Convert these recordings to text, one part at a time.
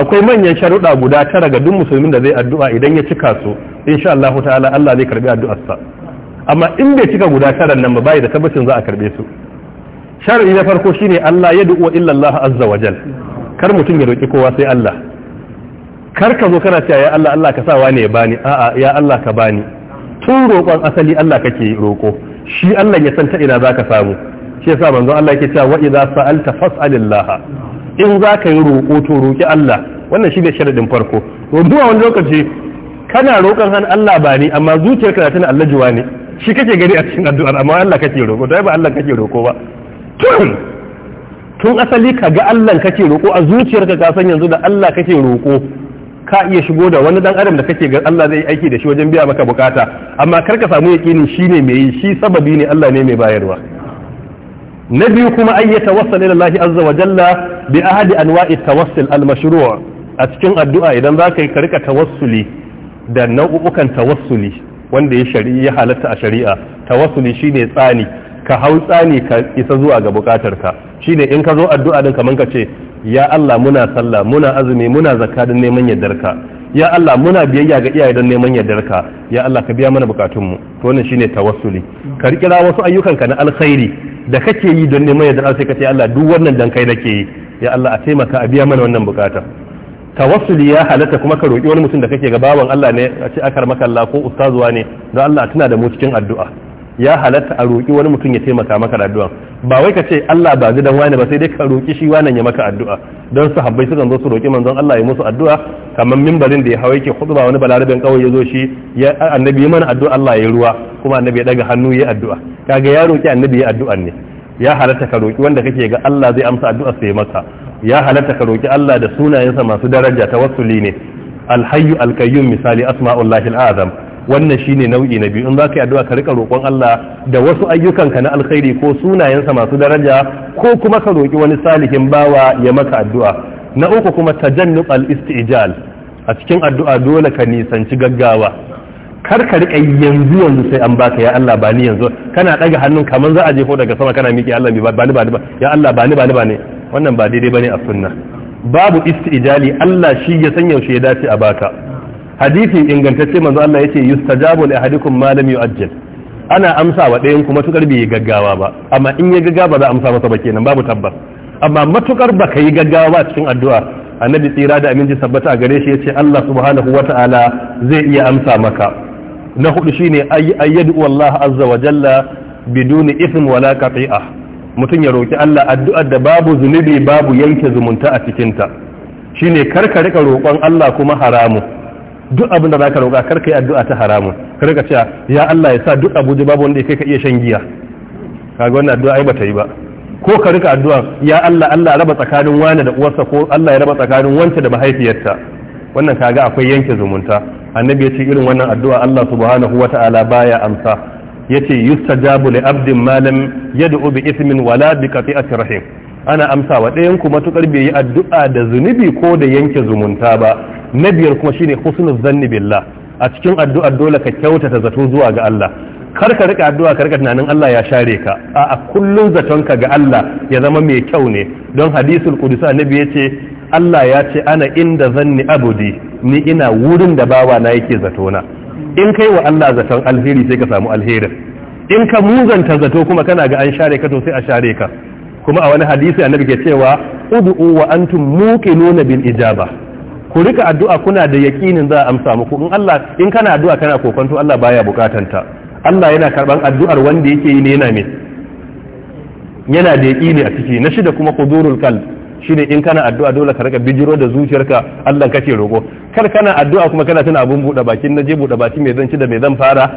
akwai manyan sharuɗa guda tara ga duk musulmin da zai addu'a idan ya cika su insha Allah ta'ala Allah zai karbi addu'arsa amma in bai cika guda tara nan ba bai da tabbacin za a karbe su sharadi na farko shine Allah ya du'u illa Allah azza jal kar mutum ya roki kowa sai Allah kar ka zo kana cewa ya Allah Allah ka sa wani ya bani a'a ya Allah ka bani tun roƙon asali Allah kake roƙo shi Allah ya san ta ina zaka samu shi yasa manzon Allah yake cewa wa idza sa'alta fas'alillah in za ka yi roƙo to roƙi Allah wannan shi ne sharadin farko a wani lokaci kana roƙon hannun Allah ba ni amma zuciyarka tana Allah juwa ne shi kake gari a cikin addu'ar amma Allah kake roƙo dai ba Allah kake roƙo ba tun asali ka ga Allah kake roƙo a zuciyarka ka san yanzu da Allah kake roƙo ka iya shigo da wani dan adam da kake ga Allah zai aiki da shi wajen biya maka bukata amma kar ka samu yaqini shi ne mai yi shi sababi ne Allah ne mai bayarwa na biyu kuma ayyata wasal ila Allah azza wa jalla bi ahadi anwa'i tawassul al-mashru' a cikin addu'a idan za ka yi ka rika tawassuli da nau'ukan tawassuli wanda ya shari'a halatta a shari'a tawassuli shine tsani ka hau tsani ka isa zuwa ga bukatarka shine in ka zo addu'a din kaman ka ce ya Allah muna sallah muna azumi muna zakka don neman yardarka ya Allah muna biyayya ga iyaye don neman yardarka ya Allah ka biya mana bukatunmu to wannan shine tawassuli ka rikira wasu ayyukanka na alkhairi da kake yi don neman yardar sai ka ce Allah duk wannan dan kai nake yi ya Allah a taimaka a biya mana wannan bukata tawassuli ya halatta kuma ka roƙi wani mutum da kake ga bawan Allah ne a ce akar maka Allah ko ustazuwa ne don Allah tuna da mu cikin addu'a ya halatta a roƙi wani mutum ya taimaka maka addu'a ba wai ka ce Allah ba zidan wani ba sai dai ka roƙi shi wannan ya maka addu'a don su habbai sukan zo su roƙi manzon Allah ya musu addu'a kamar mimbarin da ya hawa yake ba wani balarabin kawai ya zo shi ya annabi ya mana addu'a Allah ya ruwa kuma annabi ya daga hannu ya addu'a kaga ya roƙi annabi ya addu'a ne ya halatta ka roki wanda kake ga Allah zai amsa addu'a sai maka ya halatta ka roki Allah da sunayensa masu daraja ta tawassuli ne alhayyu alqayyum misali asma'ullahi alazam wannan shine nau'i na biyu in zaka yi addu'a ka rika roƙon Allah da wasu ayyukan ka na alkhairi ko sunayensa masu daraja ko kuma ka roƙi wani salihin bawa ya maka addu'a na uku kuma tajannub al-istijal a cikin addu'a dole ka nisanci gaggawa kar ka rika yanzu yanzu sai an baka ya Allah bani yanzu kana ɗaga hannun kamar za a jefo daga sama kana miki Allah ni ba ni ba ya Allah bani bani wannan ba daidai bane a sunna babu istijali Allah shi ya san yaushe ya dace a baka hadisi ingantacce manzo Allah yace yustajabu li ahadikum ma lam yu'ajjal ana amsa wa ɗayan kuma tukar bai gaggawa ba amma in ya gaggawa ba za a amsa masa ba kenan babu tabbas amma matukar ba ka yi gaggawa ba cikin addu'a annabi tsira da aminci sabbata a gare shi yace Allah subhanahu wa ta'ala zai iya amsa maka na hudu ne ayyadu Allah azza wa jalla biduni ithm wala kafi'a mutum ya roki Allah addu'ar da babu zunubi babu yanke zumunta a cikin ta ne karka rika roƙon Allah kuma haramu duk abin da zaka roƙa karka yi addu'a ta haramu ka rika cewa ya Allah ya sa duk abuja babu wanda kai ka iya shan giya kaga wannan addu'a ai bata yi ba ko ka rika addu'a ya Allah Allah raba tsakanin wani da uwarsa ko Allah ya raba tsakanin wance da mahaifiyarta wannan kaga akwai yanke zumunta annabi ya ce irin wannan addu'a Allah subhanahu wa ta'ala baya amsa ya ce yustajabu li abdin malam yad'u bi ismin wala bi qati'ati rahim ana amsa wa ɗayan ku matukar bai yi addu'a da zunubi ko da yanke zumunta ba Nabiyar biyar kuma shine husnu zanni billah a cikin addu'a dole ka kyautata zato zuwa ga Allah kar ka rika addu'a ka rika tunanin Allah ya share ka a kullun zaton ka ga Allah ya zama mai kyau ne don hadisul qudsi annabi yace Allah ya ce ana inda zanni abudi ni ina wurin da bawa na yake na in kai wa Allah zaton alheri sai ka samu alheri in ka muzanta zato kuma kana ga an share ka to sai a share ka kuma a wani hadisi annabi ke cewa ud'u wa antum muqinuna bil ijaba ku rika addu'a kuna da yakinin za a amsa muku in Allah in kana addu'a kana kokonto Allah baya bukatanta Allah yana karban addu'ar wanda yake yi ne yana me yana da yakini a ciki na shida kuma qudurul qalb shine in kana addu'a dole ka raka bijiro da zuciyarka Allah kake roko. kar kana addu'a kuma kana tana abun buɗe bakin na je buɗe baki mai zanci da mai zan fara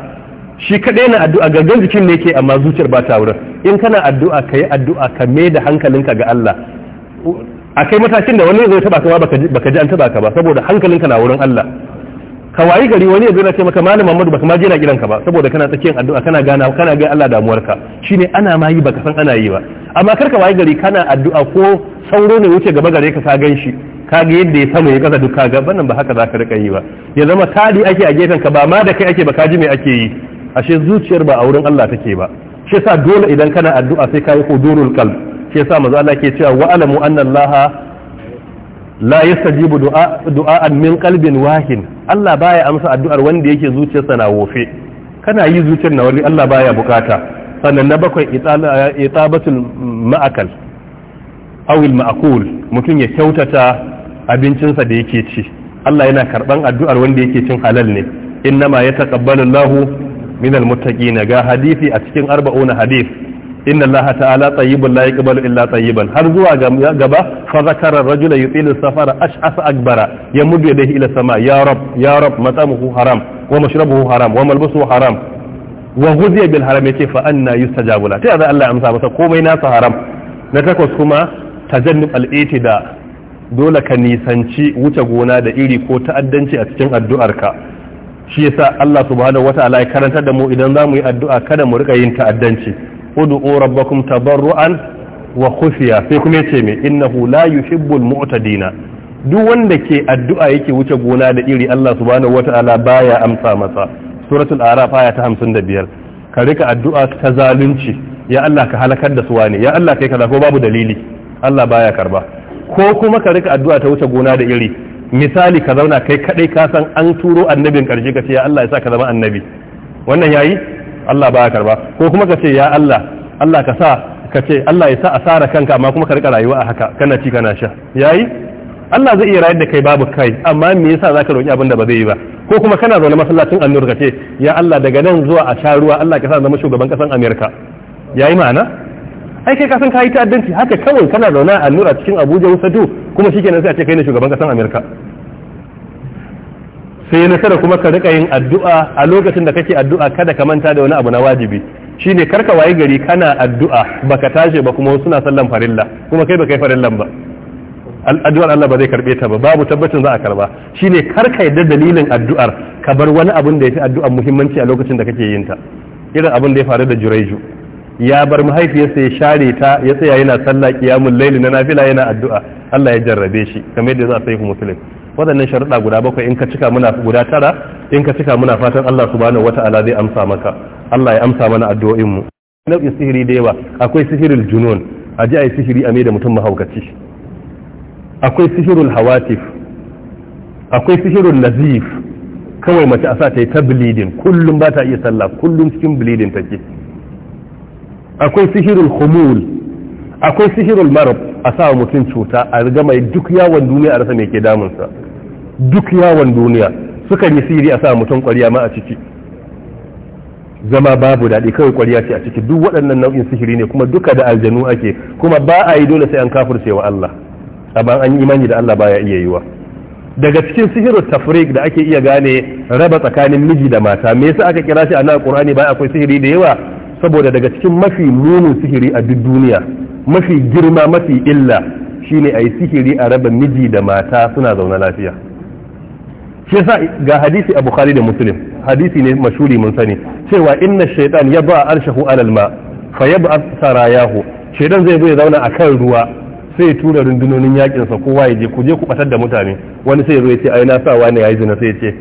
shi kaɗai na addu'a gangan jikin ne ke amma zuciyar ba ta wurin in kana addu'a ka yi addu'a ka mai da hankalinka ga Allah a kai matakin da wani zai taba ka baka ji an taba ka ba saboda hankalinka na wurin Allah ka wayi gari wani yanzu na ce maka malam Muhammadu baka ma je gidanka ba saboda kana tsakiyar addu'a kana gana kana ga Allah damuwarka shine ana ma yi baka san ana yi ba amma karka wayi gari kana addu'a ko sauro ne wuce gaba gare ka ka ganshi, ka ga yadda ya samu ya kasa duk ka ga bannan ba haka zaka rika yi ba ya zama tadi ake a gefen ka ba ma da kai ake ba ka ji me ake yi ashe zuciyar ba a wurin Allah take ba shi yasa dole idan kana addu'a sai ka yi hudurul qalb shi yasa manzo Allah ke cewa wa alamu anna Allah la yastajibu du'a du'an min qalbin wahin Allah baya amsa addu'ar wanda yake zuciyarsa na wofe kana yi zuciyar na wani Allah baya bukata sannan na bakwai itabatul ma'akal aw al mutum ya kyautata abincinsa da yake ci Allah yana karban addu'ar wanda yake cin halal ne innama yataqabbalu Allahu min al muttaqin ga hadisi a cikin arba'una hadith inna Allah ta'ala tayyibun la yaqbalu illa tayyiban har zuwa gaba fa zakara rajula yutilu safara ash'as akbara ya mudu yadayhi ila sama ya rab ya rab matamuhu haram wa mashrabuhu haram wa malbasuhu haram wa ghudhiya bil haram yace fa anna yustajabu la ta Allah ya amsa masa komai nasa haram na takwas kuma tajannub al itida dole ka nisanci wuce gona da iri ko ta'addanci a cikin addu'arka shi yasa Allah subhanahu wata'ala ya karantar da mu idan za mu yi addu'a kada mu rika yin ta'addanci ud'u rabbakum tabarru'an wa khufiya sai kuma yace me innahu la yuhibbul mu'tadina duk wanda ke addu'a yake wuce gona da iri Allah subhanahu wata'ala baya amsa masa suratul araf aya ta 55 ka rika addu'a ta zalunci ya Allah ka halakar da su wani ya Allah kai kaza ko babu dalili Allah baya karba ko kuma ka rika addu'a ta wuce gona da iri misali ka zauna kai kadai ka san an turo annabin karshe ka ce ya Allah ya sa ka zama annabi wannan yayi Allah baya karba ko kuma ka ce ya Allah Allah ka sa ka ce Allah ya sa asara kanka amma kuma ka rika rayuwa a haka kana ci kana sha yayi Allah zai iya rayar da kai babu kai amma me yasa zaka roki abin da ba zai yi ba ko kuma kana zaune masallacin annur ka ce ya Allah daga nan zuwa a sha ruwa Allah ka sa zama shugaban kasan Amerika yayi ma'ana ai kai kasan kayi ta'addanci haka kawai kana zaune a annur a cikin Abuja Wasatu kuma shikenan sai a ce kai ne shugaban kasan Amerika sai na kuma ka rika yin addu'a a lokacin da kake addu'a kada ka manta da wani abu na wajibi shine karka wayi gari kana addu'a baka tashi ba kuma suna sallan farilla kuma kai baka yi farillan ba addu'ar Allah ba zai karbe ta ba babu tabbacin za a karba shine karka yadda dalilin addu'ar ka bar wani abun da ya fi addu'ar muhimmanci a lokacin da kake yin ta irin abun da ya faru da Juraiju ya bar mahaifiyarsa ya share ta ya tsaya yana sallah qiyamul laili na nafila yana addu'a Allah ya jarrabe shi kamar yadda za a sai ku waɗannan sharuɗa guda bakwai in ka cika muna guda tara in ka cika muna fatan Allah subhanahu wata'ala zai amsa maka Allah ya amsa mana addu'o'in mu nau'in sihiri da yawa akwai sihirul junun a ji ayi sihiri a da mutum mahaukaci akwai sihirul hawatif akwai sihirul nazif kawai mace a sa ta yi ta bleeding kullum ba ta iya sallah kullum cikin bleeding take akwai sihirul humul akwai sihirul marab a sa mutum cuta a riga mai duk yawon duniya a rasa mai ke damunsa duk yawon duniya sukan yi siri a sa mutum kwariya ma a ciki zama babu daɗi kawai kwariya ce a ciki duk waɗannan nau'in sihiri ne kuma duka da aljanu ake kuma ba a yi dole sai an kafurce wa Allah amma an yi imani da Allah baya iya yiwa daga cikin sihirin tafrik da ake iya gane raba tsakanin miji da mata me yasa aka kira shi a nan Qur'ani ba akwai sihiri da yawa saboda daga cikin mafi munin sihiri a duk duniya mafi girma mafi illa shine ayi sihiri a raba miji da mata suna zaune lafiya shi yasa ga hadisi a bukhari da muslim hadisi ne mashuri mun sani cewa inna shaytan yaba arshahu alal ma fa yab'a sarayahu shaytan zai zo ya zauna akan ruwa sai ya tura rundunonin yakin sa kowa ya je ku je ku batar da mutane wani sai ya zo ya ce ai na sa wani yayi zina sai ya ce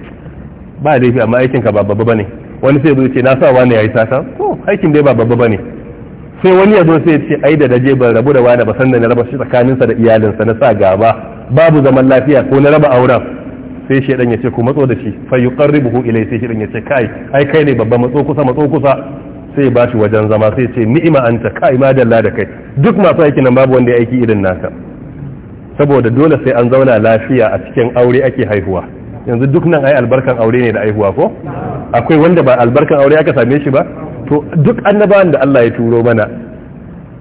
ba laifi amma aikin ka ba babba bane wani sai ya zo ya ce na sa wani yayi sata to aikin dai ba babba bane sai wani ya zo sai ya ce ai da daje ban rabu da wani ba san da na raba shi tsakaninsa da iyalinsa na sa gaba babu zaman lafiya ko na raba auren sai shi ya ce ku matso da shi fa yuqarribuhu ilay sai shi ya ce kai ai kai ne babba matso kusa matso kusa sai ba wajen zama sai ce ni'ima anta kai ma dalla da kai duk masu aiki nan babu wanda ya aiki irin naka saboda dole sai an zauna lafiya a cikin aure ake haihuwa yanzu duk nan ai albarkan aure ne da aihuwa ko akwai wanda ba albarkan aure aka same shi ba to duk annabawan da Allah ya turo mana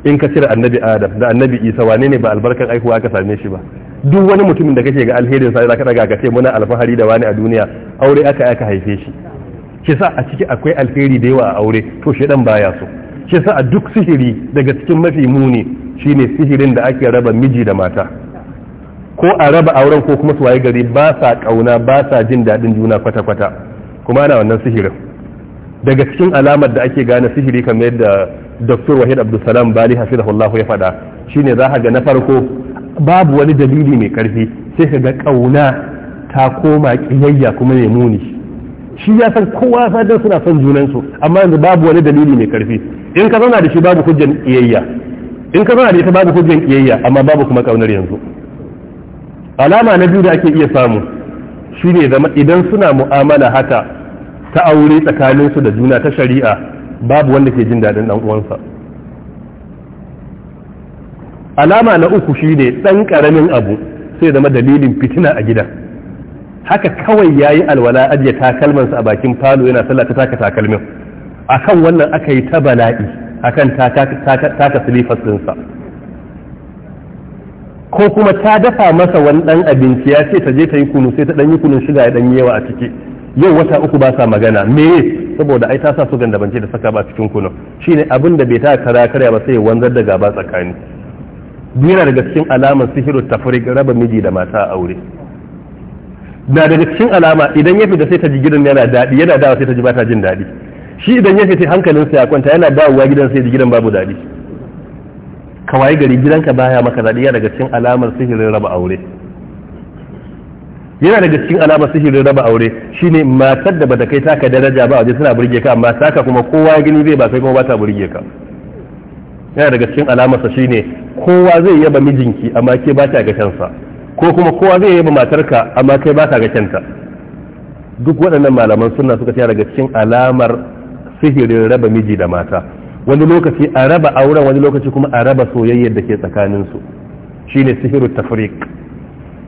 in ka cire annabi Adam da annabi Isa wane ne ba albarkan aihuwa aka same shi ba duk wani mutumin da kake ga alherin sa zaka daga ka muna alfahari da wani a duniya aure aka aka haife shi kisa a ciki akwai alheri da yawa a aure to shi dan baya so kisa a duk sihiri daga cikin mafi muni shine sihirin da ake raba miji da mata ko a raba auren ko kuma su waye gari ba sa kauna ba sa jin dadin juna kwata-kwata kuma ana wannan sihirin daga cikin alamar da ake gane sihiri kamar yadda dr wahid abdulsalam bali hafizahullahu ya faɗa shine za ga na farko babu wani dalili mai karfi sai ka ga kauna ta koma kiyayya kuma mai muni shi ya san kowa sadar suna son junansu amma yanzu babu wani dalili mai karfi in ka zauna da shi babu hujjan kiyayya in ka zauna da ita babu hujjan kiyayya amma babu kuma kaunar yanzu alama na biyu da ake iya samu shine zama idan suna mu'amala haka ta aure tsakaninsu da juna ta shari'a babu wanda ke jin daɗin ɗan uwansa alama na uku shine ɗan karamin abu sai zama dalilin fitina a gidan haka kawai yayi alwala ajiye takalmansa a bakin falo yana sallah ta taka takalmin akan wannan aka yi ta bala'i akan taka silifas ɗinsa ko kuma ta dafa masa wani ɗan abinci ya ce ta je ta yi kunu sai ta ɗan yi kunun shiga ya ɗan yawa a ciki yau wata uku ba sa magana me saboda ai ta sa su gandabance da saka ba cikin kunun shine abin da bai ta karakarya karya ba sai wanzar da gaba tsakani yana daga cikin alamar sihiru tafrik raba miji da mata a aure na daga cikin alama idan ya fita sai ta ji gidan yana daɗi yana dawa sai ta ji ba ta jin daɗi shi idan ya fita hankalin sa ya kwanta yana dawowa gidan sai ji gidan babu daɗi ka waye gari gidanka baya maka daɗi yana daga cikin alamar sihirin raba aure yana daga cikin alamar sihirin raba aure shine matar da bata kai taka daraja ba waje suna burge ka amma saka kuma kowa gani zai ba kai kuma ba ta burge ka yana daga cikin alamarsa ne kowa zai yaba mijinki amma ke ba ta gashansa ko kuma kowa zai yaba matarka amma kai ba ta gashanta duk waɗannan malaman suna suka ce daga cikin alamar sihirin raba miji da mata wani lokaci a raba auren wani lokaci kuma a raba soyayyar da ke tsakaninsu shine sihirin tafrik.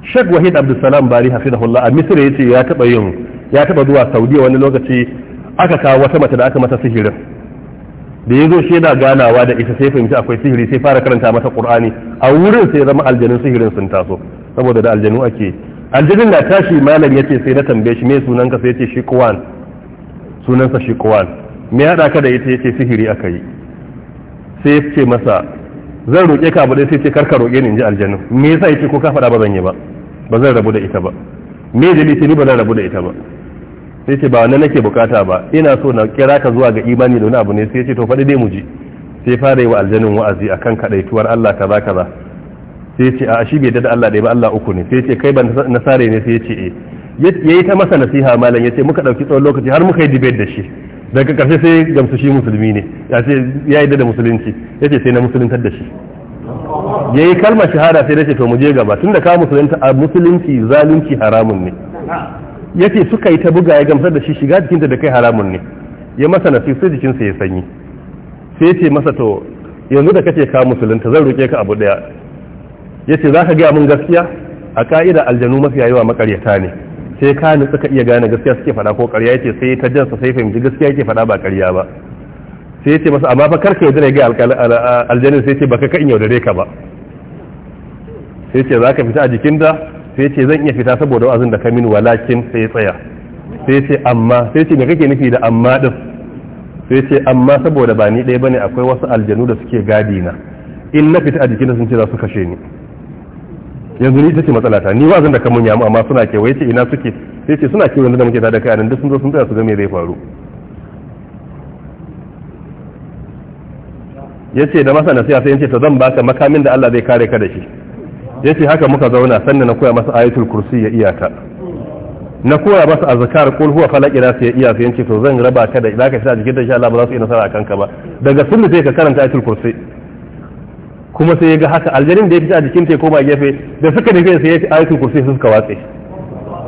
Sheikh Wahid Abdulsalam Bari hafizahullah a ya ce ya taba yin ya taba zuwa Saudiya wani lokaci aka kawo wata mace da aka mata sihirin da ya zo shi yana ganawa da ita sai fahimci akwai sihiri sai fara karanta mata qur'ani a wurin sai zama aljanun sihirin sun taso saboda da aljanu ake aljanin na tashi malam yace sai na tambaye shi me sunanka sai yace kuwan sunansa shi kuwan me ya ka da ita yace sihiri aka yi sai ya ce masa zan roƙe ka abu dai sai ce karka roƙe ni in ji aljanun me yasa yace ko ka faɗa ba zan yi ba ba zan rabu da ita ba me dalili ni ba zan rabu da ita ba sai ce ba wannan nake bukata ba ina so na kira ka zuwa ga imani da wani abu ne sai ce to faɗi dai mu ji sai fara yi wa aljanin wa'azi a kan kaɗaituwar Allah kaza kaza sai ce a shi bai dada Allah ɗaya ba Allah uku ne sai ce kai ban nasare ne sai ce eh yi ta masa nasiha malam ya ce muka ɗauki tsawon lokaci har muka yi debate da shi daga ƙarshe sai gamsu shi musulmi ne ya ce ya yi dada musulunci ya ce sai na musuluntar da shi ya yi kalmar shahada sai ce to mu je gaba tun da ka musulunta a musulunci zalunci haramun ne yace suka yi ta buga ya gamsar da shi shiga jikinta da kai haramun ne ya masa nasi sai jikinsa ya sanyi sai ce masa to yanzu da kace ka musulunta zan roke ka abu daya yace za ka gaya mun gaskiya a ka'ida aljanu mafiya yawa makaryata ne sai ka ni suka iya gane gaskiya suke faɗa ko karya yace sai ta jansa sai fahimci gaskiya yake faɗa ba karya ba sai yace masa amma fa karka yaudare ga aljanin sai yace baka ka in yaudare ka ba sai yace za ka fita a jikinta sai ce zan iya fita saboda wa'azin da ka min walakin sai tsaya sai ce amma sai ce me kake nufi da amma din sai ce amma saboda ba ni ɗaya bane akwai wasu aljanu da suke gadi na in na fita a da sun ce za su kashe ni yanzu ni ita ce matsalata ni wa'azin da ka mun yamu amma suna wai ce ina suke sai ce suna wanda da muke da kai anan duk sun zo sun tsaya su ga me zai faru yace da masa nasiha sai yace to zan baka makamin da Allah zai kare ka da shi ya ce haka muka zauna sannan na koya masa ayatul kursi ya iyaka na koya masa azkar qul huwa falaq ila ya iya sai to zan raba ka da zaka sa jikin da insha Allah ba za su yi nasara akan ka ba daga sunna sai ka karanta ayatul kursi kuma sai ya ga haka aljarin da ya fita a jikin ta koma gefe da suka nufi sai ya ce ayatul kursi suka watse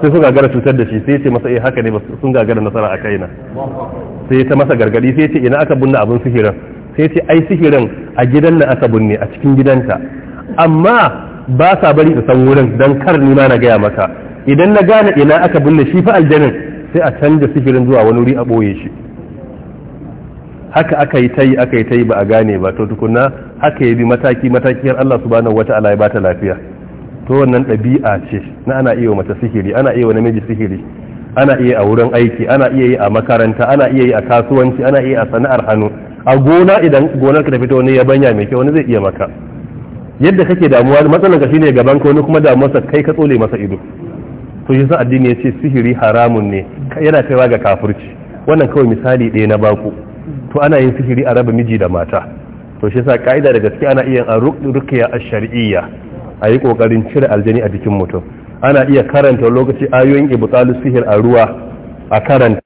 sai suka gara cutar da shi sai ya ce masa eh haka ne ba sun gagara nasara a kaina sai ya ta masa gargadi sai ya ce ina aka bunna abin sihirin sai ya ce ai sihirin a gidan nan aka bunne a cikin gidanta amma ba sa bari da san wurin don kar ni ma na gaya maka idan na gane ina aka binne shi fa aljanin sai a canza sihirin zuwa wani wuri a ɓoye shi haka aka yi ta yi aka yi ta ba a gane ba to tukunna haka ya bi mataki mataki har Allah subhanahu wata'ala ya bata lafiya to wannan ɗabi'a ce na ana iya mata sihiri ana iya namiji sihiri ana iya a wurin aiki ana iya yi a makaranta ana iya yi a kasuwanci ana iya a sana'ar hannu a gona idan gonar ka ta fito wani yabanya mai kyau wani zai iya maka yadda kake damuwa matsalan ka shine gaban ka wani kuma damuwarsa kai ka tsole masa ido to yasa addini ya ce sihiri haramun ne yana kaiwa ga kafirci wannan kawai misali ɗaya na baku to ana yin sihiri a raba miji da mata to shi sa ka'ida da gaske ana iya a rukiya a shari'iyya a yi kokarin cire aljani a jikin mutum ana iya karanta lokaci ayoyin ibtalu sihir a ruwa a karanta